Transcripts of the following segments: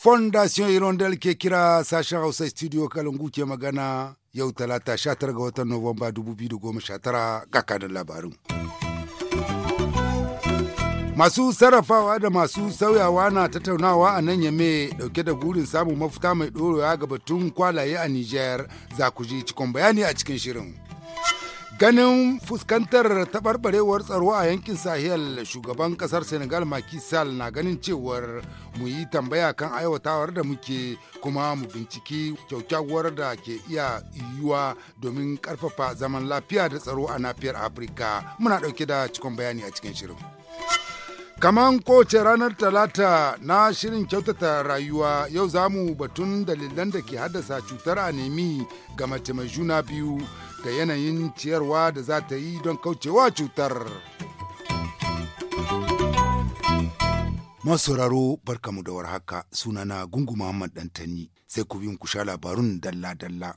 Fondation Hirondelle ke kira sashen Hausa studio Kalangu ke magana yau talata 19 ga watan Nuwamba 2019 ga kadin labarin. Masu sarrafawa da masu sauyawa na tattaunawa a nan yame dauke da gurin samun mafita mai ɗorewa ga batun kwalaye a Nijar za ku ji cikin bayani a cikin shirin. Ganin fuskantar taɓarɓarewar tsaro a yankin Sahel shugaban ƙasar Senegal Macky Sall na ganin cewar mu yi tambaya kan aiwatawar da muke kuma mu binciki kyaukyawar da ke iya yiwuwa domin ƙarfafa zaman lafiya da tsaro a nafiyar Afirka. Muna ɗauke da cikon bayani a cikin shirin. Kaman kowace ranar Talata na shirin kyautata rayuwa yau za mu batun dalilan da ke haddasa cutar anemi ga mace mai juna biyu da yanayin ciyarwa da za ta yi don kaucewa cutar. "Barka barkamu da warhaka sunana Gungu Muhammad Dantani sai ku ku sha labarun dalla-dalla.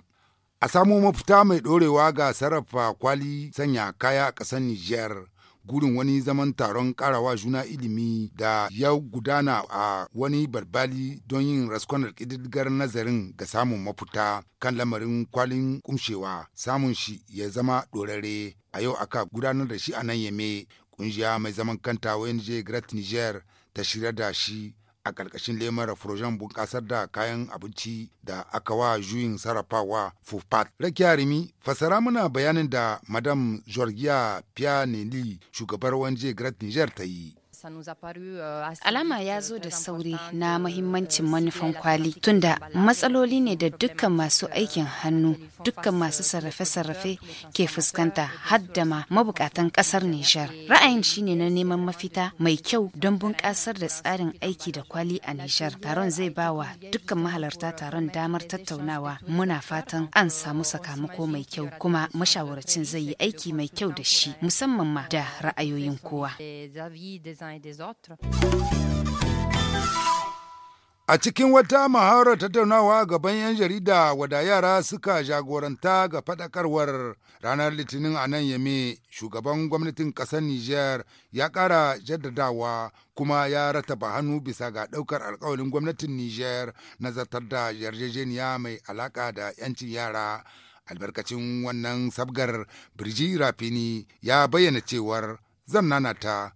A samu mafita mai ɗorewa ga sarrafa kwali sanya kaya a ƙasar Nijar. gurin wani zaman taron karawa juna ilimi da ya gudana a wani barbali don yin raskonar ƙididdigar nazarin ga samun mafuta kan lamarin kwalin kumshewa samun shi ya zama ɗorare a yau aka gudanar da shi a nan yame ƙungiya mai zaman kanta je Great Niger ta shirya da shi a ƙarƙashin lemar furojen bunƙasar da kayan abinci da aka wa juyin sarrafawa fufat. Rakiya Rimi fasara muna bayanin da Madam Georgia Pianelli shugabar wanje Great Niger ta yi. Euh, Alama ya euh, zo da sauri na mahimmancin manufan kwali tunda matsaloli ne da dukkan masu euh, aikin hannu dukkan masu sarrafe-sarrafe ke fuskanta hadda ma mabukatan kasar Nijar. Ra'ayin shine na neman mafita mai kyau don bunƙasar da tsarin aiki da kwali a Nijar. Taron zai ba wa dukkan mahalarta taron damar tattaunawa muna fatan an samu sakamako mai kyau kuma mashawarcin zai yi aiki mai kyau da shi musamman ma da ra'ayoyin kowa. A cikin wata maharar tattaunawa gaban 'yan jarida wada yara suka jagoranta ga fadakarwar ranar Litinin a nan Yame, shugaban gwamnatin ƙasar Nijar ya ƙara jaddadawa kuma ya rataba hannu bisa ga ɗaukar alkawalin gwamnatin Nijar na zartar da yarjejeniya mai alaƙa da 'yancin yara. Albarkacin wannan sabgar Birji Rafini ya bayyana cewar zan nanata.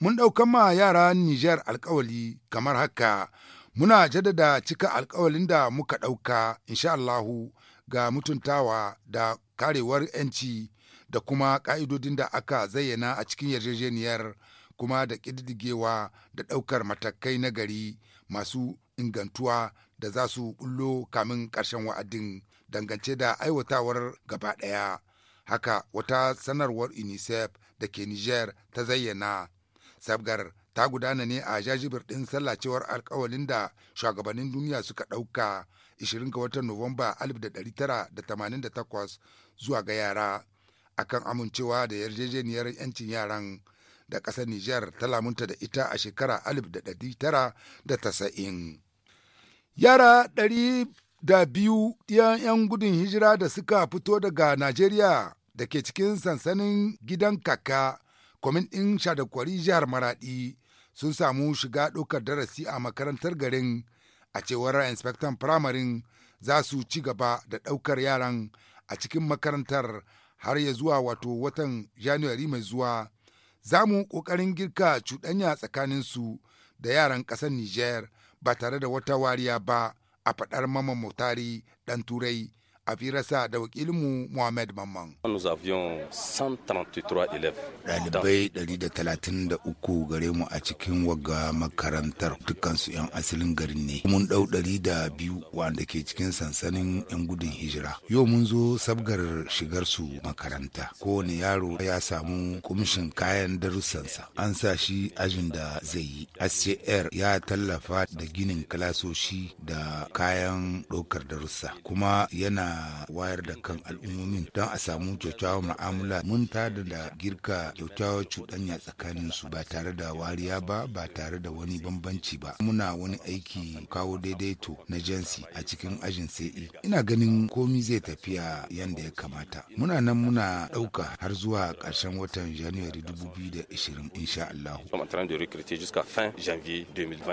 Mun ɗaukan ma yara Nijar alkawali kamar haka, muna jaddada cika alkawalin da muka ɗauka, insha Allahu, ga mutuntawa da karewar 'yanci da kuma ƙa'idodin da aka zayyana a cikin yarjejeniyar kuma da ƙididdigewa da ɗaukar matakai na gari masu ingantuwa da za su ɓullo kamin ƙarshen wa'adin dangance da aiwatawar gaba ɗaya. Haka wata sanarwar UNICEF da ke Niger ta zayyana sabgar ta gudana ne a jajibir ɗin sallacewar alkawalin da shugabannin duniya suka ɗauka 20 ga watan Nuwamba 1988 zuwa ga yara akan amincewa da yarjejeniyar 'yancin yaran da ƙasar Nijar ta lamunta da ita a shekara 1990. Yara ɗari da biyu ɗiyan 'yan gudun hijira da suka fito daga Najeriya da ke cikin sansanin gidan kaka kwamin ɗin shadakwari jihar Maraɗi sun samu shiga ɗaukar darasi a makarantar garin a cewar inspektan firamarin za su ci gaba da ɗaukar yaran a cikin makarantar har ya zuwa wato watan Januwari mai zuwa. Za mu ƙoƙarin girka cuɗanya tsakanin su da yaran ƙasar Nijar ba tare da wata wariya ba a faɗar Mamman Motari ɗan Turai. a firarsa da wakilinmu Mohamed Mamman. Ɗalibai 133 gare mu a cikin wagga makarantar dukansu 'yan asalin garin ne. Mun ɗau 200 wanda ke cikin sansanin 'yan gudun hijira. Yau mun zo sabgar shigar su makaranta. Kowane yaro ya samu kumshin kayan darussansa. An sa shi ajin da zai yi. SCR ya tallafa da ginin kalasoshi da kayan ɗaukar darussa. Kuma yana wayar da kan al'ummomin don a samu kyakkyawar mu'amala mun tada da girka kyakkyawar cuɗanya tsakanin su ba tare da wariya ba ba tare da wani bambanci ba muna wani aiki kawo daidaito na jansi a cikin ajin sai e. ina ganin komi zai tafiya yadda ya kamata muna nan muna ɗauka har zuwa ƙarshen watan january 2020 insha Allah.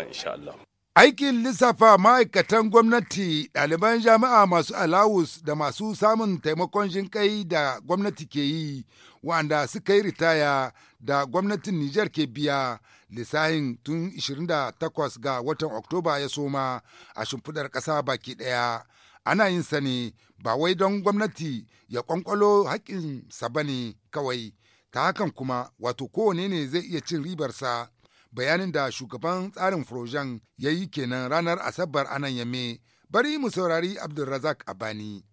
insha allahu. Aikin lissafa ma'aikatan gwamnati ɗaliban jami'a masu alawus da masu samun taimakon jinƙai da gwamnati ke yi wanda suka yi ritaya da gwamnatin Nijar ke biya lissahin tun 28 ga watan Oktoba ya soma a shimfidar ƙasa baki ɗaya. Ana yin sani ba wai don gwamnati ya ƙwanƙwalo haƙƙinsa ba ne kawai, ta hakan kuma wato kowane ne zai iya cin ribarsa bayanin da shugaban tsarin furojen ya yi kenan ranar asabar anan yame bari mu saurari abdulrazak abani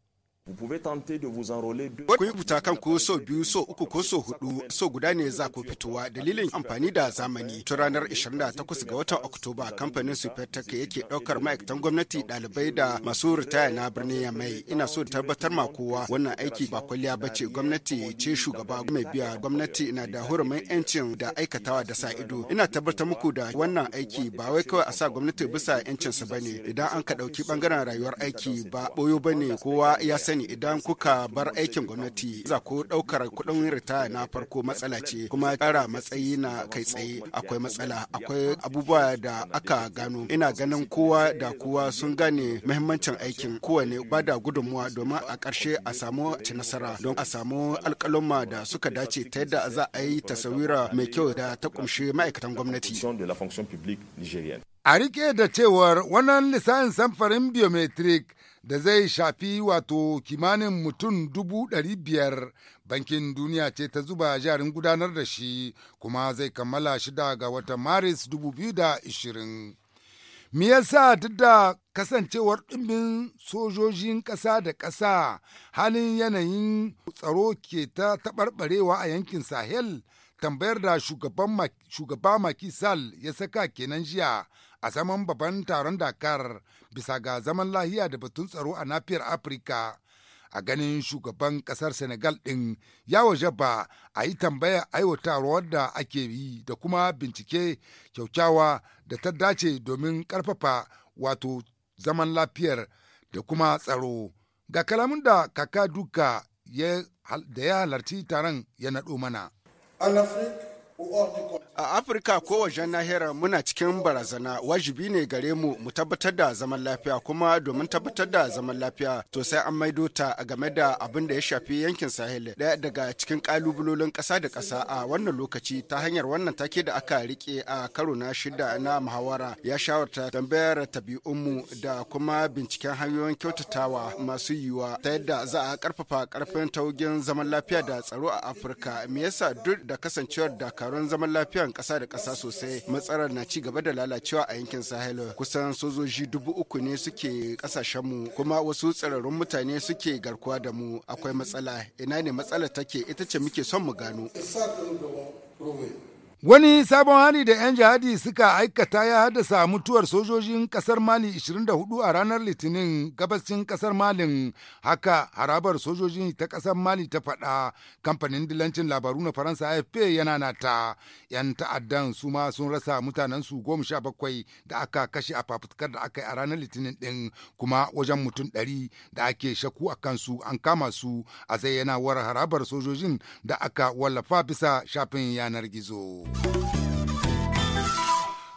Kun yi rubuta kanku so biyu so uku ko so hudu so guda ne za ku fitowa dalilin amfani da zamani. Tun ranar 28 ga watan Oktoba kamfanin Supertech yake ɗaukar ma'aikatan gwamnati ɗalibai da masu ritaya na birnin Yamai. Ina so tabbatar ma kowa wannan aiki ba kwalliya ba ce gwamnati ce shugaba mai biya gwamnati na da hurumin yancin da aikatawa da sa ido. Ina tabbatar muku da wannan aiki ba wai kawai a sa gwamnati bisa yancinsa ba ne idan an ka ɗauki ɓangaren rayuwar aiki ba ɓoyo ba ne kowa ya sai sani idan kuka bar aikin gwamnati za ku ɗaukar kuɗin ritaya na farko matsala ce kuma ƙara matsayi na kai tsaye akwai matsala akwai abubuwa da aka gano ina ganin kowa da kowa sun gane muhimmancin aikin kowane ba da gudunmuwa domin a ƙarshe a samu ci nasara don a samu alƙalumma da suka dace ta yadda za a yi tasawira mai kyau da ta ƙumshi ma'aikatan gwamnati. a rike da cewar wannan lisan samfarin biometric da zai shafi wato kimanin mutum dubu ɗari biyar bankin duniya ce ta zuba jarin gudanar da shi kuma zai kammala shida ga watan maris da 2020 me yasa duk da kasancewar ɗumbin sojojin ƙasa da ƙasa halin yanayin tsaro ke ta taɓarɓarewa a yankin sahel tambayar da shugaba Maki Sall ya saka kenan jiya a zaman babban taron Dakar bisa ga zaman lahiya da batun tsaro a nafiyar Afirka. A ganin shugaban kasar Senegal ɗin ya waje ba a yi tambaya aiwatarwar da ake yi da kuma bincike kyaukyawa da ta dace domin ƙarfafa wato zaman lafiyar da kuma tsaro. Ga kalamin da kaka duka da ya halarci taron ya naɗo mana. en Afrique ou hors du continent. A Afirka ko wajen nahiyar muna cikin barazana wajibi ne gare mu mu tabbatar da zaman lafiya kuma domin tabbatar da zaman lafiya to sai an maido ta game da abin da ya shafi yankin Sahel daya daga cikin kalubulolin ƙasa da ƙasa a wannan lokaci ta hanyar wannan take da aka rike a karo na shida na muhawara ya shawarta tambayar mu da kuma binciken hanyoyin kyautatawa masu yiwuwa ta yadda za a karfafa karfin taugin zaman lafiya da tsaro a Afirka me yasa duk da kasancewar dakarun zaman lafiya bangaren ƙasa da ƙasa sosai matsalar na ci gaba da lalacewa a yankin sahel kusan sojoji dubu uku ne suke kasashen mu kuma wasu tsirarrun mutane suke garkuwa da mu akwai matsala ina ne matsalar take ita ce muke son mu gano Wani sabon hari da 'yan jihadi suka aikata ya haddasa mutuwar sojojin kasar Mali 24 a ranar Litinin gabashin kasar Malin haka harabar sojojin ta kasar Mali ta faɗa kamfanin dilancin labaru na Faransa AFP yana nata 'yan ta'addan su ma sun rasa mutanensu goma sha bakwai da aka kashe a fafutukar da aka yi a ranar Litinin ɗin kuma wajen mutum ɗari da ake shaku a kansu an kama su a zayyanawar harabar sojojin da aka wallafa bisa shafin yanar gizo.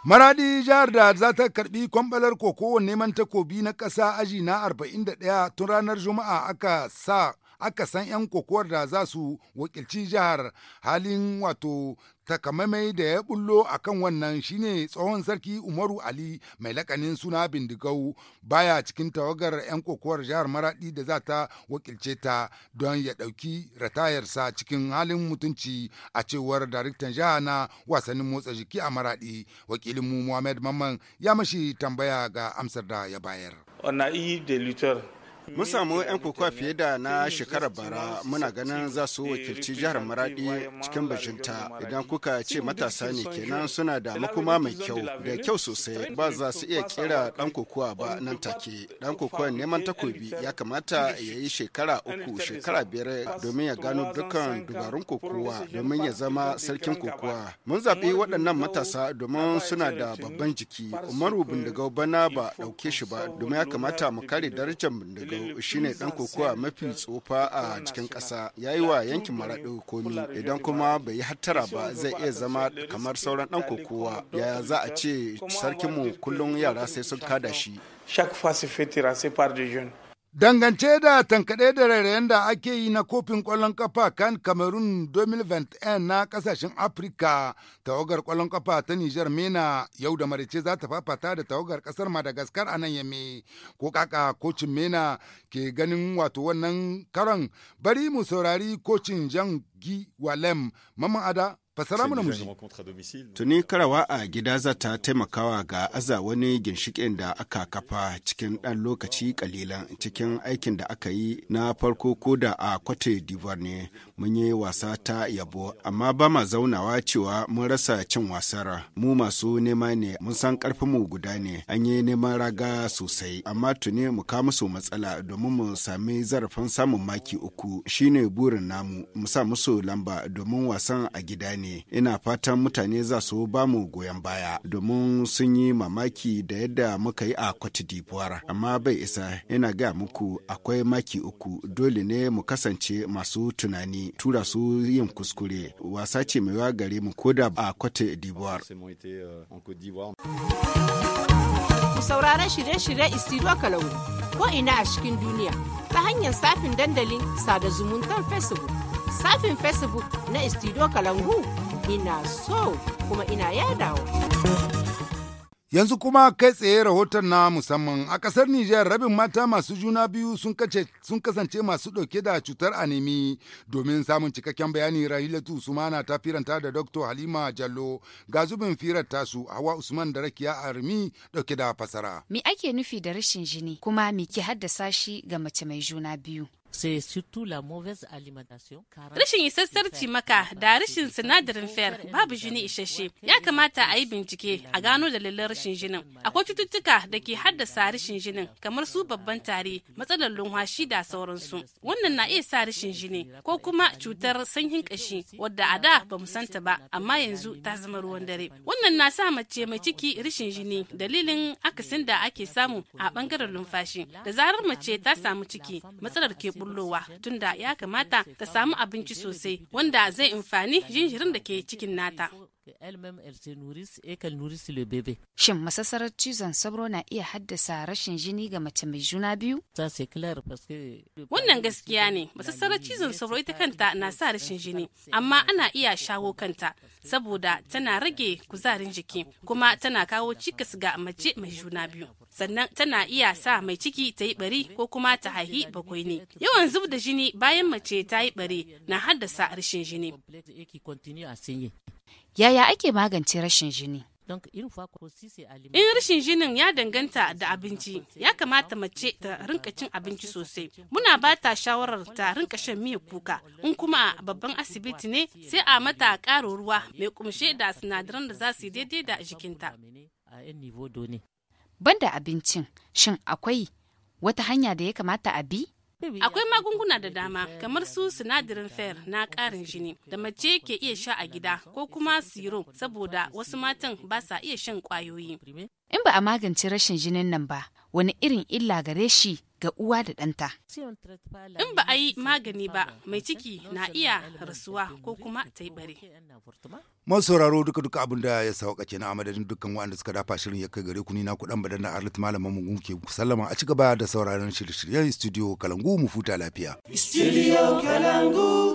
Maradi jihar da za ta karbi kwambalar kokowar neman takobi na ƙasa aji na 41 tun ranar Juma'a aka sa aka san 'yan kokowar da za su wakilci jihar halin wato takamaimai da ya bullo a kan wannan shine tsohon sarki umaru ali mai lakanin suna bindigau baya cikin tawagar 'yan kokowar jihar maradi da za ta wakilce ta don ya ɗauki ratayarsa cikin halin mutunci a cewar daraktan jiha na wasannin motsa jiki a maradi wakilinmu muhammad mamman ya mashi tambaya ga amsar da ya bayar. Mun samu 'yan kokowa fiye da na shekarar bara muna ganin za su wakilci jihar Maradi cikin bajinta idan kuka ce matasa ne kenan suna da makoma mai kyau da kyau sosai ba za su iya kera dan kokowa ba nan take. Dan kokowa neman takobi ya kamata ya yi shekara uku shekara biyar domin ya gano dukkan dubarun kokowa domin ya zama sarkin kokowa. Mun zaɓi waɗannan matasa domin suna da babban jiki. Umaru bindigau bana ba ɗauke shi ba domin ya kamata mu kare darajar bindigau. maradu shine ɗan kokowa mafi tsofa a cikin ƙasa ya yi wa yankin maradu komi idan kuma bai yi hattara ba zai iya zama kamar sauran ɗan kokowa yaya za a ce sarkinmu kullum yara sai sun kada shi. Chaque fois se fait Dangance da tankaɗe da rairayen da ake yi na kofin ƙwallon kafa kan Cameroon 2021 na ƙasashen Afirka, tawagar ƙwallon kafa ta niger Mena yau da marice za ta fafata da tawagar ƙasar Madagascar a nan yame ko kaka kocin Mena ke ganin wato wannan karon bari mu saurari kocin jan gi Walem Mamman Ada Fassara muji. Tuni karawa a gida za ta taimakawa ga aza wani ginshikin da aka kafa cikin ɗan lokaci kalilan cikin aikin da aka yi na farko ko da a Cote d'Ivoire ne mun yi wasa ta yabo amma ba ma zaunawa cewa mun rasa cin wasar mu masu nema ne mun san mu guda ne an yi neman raga sosai amma tuni mu ka musu matsala domin mu sami zarafin samun maki uku shine burin namu mu sa musu lamba domin wasan a gida ne. ne ina fatan mutane za su ba mu goyon baya domin sun yi mamaki da yadda muka yi a cote d'ivoire amma bai isa ina ga muku akwai maki uku dole ne mu kasance masu tunani tura su yin kuskure wasa ce mai gare mu koda a cote d'ivoire sauraron shirye shiryen istiro kalangu ko ina a cikin duniya ta hanyar safin dandalin sada zumuntar facebook safin facebook na istido kalangu ina so kuma ina yadawa. Yanzu kuma kai tsaye rahoton na musamman a ƙasar Nijar rabin mata masu juna biyu sun kasance masu ɗauke da cutar anemi domin samun cikakken bayani Rahilatu Usmana ta firanta da Dr. Halima Jallo ga zubin firar tasu Hawa Usman da Rakiya Armi ɗauke da fasara. Me ake nufi da rashin jini kuma me ke haddasa shi ga mace mai juna biyu? Rashin isassar cimaka da rashin sinadarin fer babu jini isasshe ya kamata a yi bincike a gano dalilan rashin jinin. Akwai cututtuka da ke haddasa rashin jinin kamar su babban tari matsalar lumhashi da sauransu. Wannan na iya sa rashin jini ko kuma cutar sanyin kashi wadda a da ba mu santa ba amma yanzu ta zama ruwan dare. Wannan na sa mace mai ciki rashin jini dalilin akasin da ake samu a bangaren lumfashi. Da zarar mace ta samu ciki matsalar ke bullowa tunda ya kamata ta samu abinci sosai wanda zai amfani jinjirin da ke cikin nata. Shin masassarar cizon sauro na iya haddasa rashin jini ga mace mai juna biyu? Wannan gaskiya ne, masassarar cizon sauro ita kanta na sa rashin jini, amma ana iya shawo kanta saboda tana rage kuzarin jiki kuma tana kawo cikas ga mace mai juna biyu. Sannan tana iya sa mai ciki ta yi bari ko kuma ta haihi bakwai ne. Yawan zub da jini bayan mace ta yi bari na haddasa rashin jini. Yaya ake magance rashin jini? In rashin jinin ya danganta da abinci, ya kamata mace ta rinka cin abinci sosai. Muna ba ta shawarar ta rinka shan miyar kuka, in kuma babban asibiti ne sai a mata ƙarin ruwa mai kumshe da sinadaran da za su daidai da jikinta. Banda abincin, shin akwai wata hanya da ya kamata a bi? Akwai magunguna da dama kamar su sinadarin fer na ƙarin jini da mace ke iya sha a gida ko kuma siro saboda wasu matan ba sa iya shan ƙwayoyi. In ba a magance rashin jinin nan ba, wani irin illa gare shi ga uwa da ɗanta. In ba a yi magani ba mai ciki na iya rasuwa ko kuma ta yi bare. Masu sauraro duka duka abin da ya sauka kenan na amadadin dukkan waɗanda suka dafa shirin ya kai gare ku ni na kuɗan badan na Arlit mu mu ke sallama a ci gaba da sauraron shirye-shiryen Studio Kalangu mu futa lafiya. Studio Kalangu.